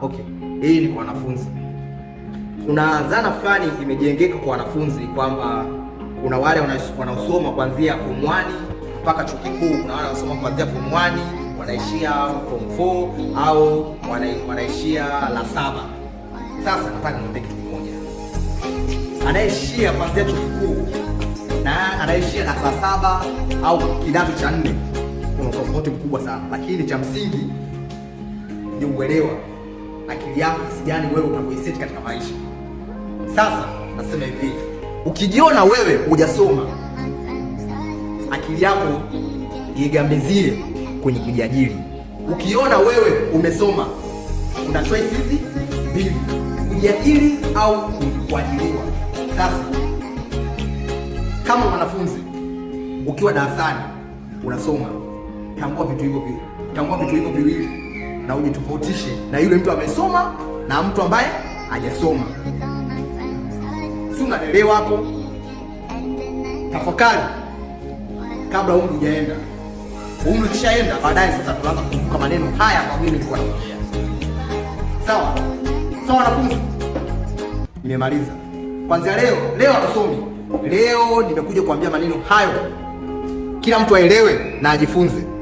okay, hii ni kwa wanafunzi. Kuna zana fulani imejengeka kwa wanafunzi kwamba kuna wale wanaosoma kuanzia form 1 mpaka chuo kikuu, kuna wale wanaosoma kuanzia form 1 wanaishia form 4 au wanaishia la saba. Sasa nataka niambie kitu kimoja, anayeishia kuanzia chuo kikuu na anaishia la saba au kidato cha nne kuna tofauti mkubwa sana, lakini cha msingi ni uelewa akili yako jinsi gani wewe unavyoiset katika maisha. Sasa nasema hivi, ukijiona wewe hujasoma, akili yako igambizie kwenye kujiajiri. Ukiona wewe umesoma, una choice hizi mbili, kujiajiri au kuajiriwa. Sasa kama mwanafunzi ukiwa darasani unasoma, tambua vitu hivyo, tambua vitu hivyo viwili na ujitofautishe na yule mtu amesoma na mtu ambaye hajasoma. Si unanielewa hapo? Tafakari kabla umri hujaenda. Umri ukishaenda, baadaye sasa tunaanza kukumbuka maneno haya ambayo mimi nilikuwa naongea. Sawa sawa, wanafunzi, nimemaliza. kwanzia leo leo hatusomi. Leo nimekuja kuambia maneno hayo, kila mtu aelewe na ajifunze.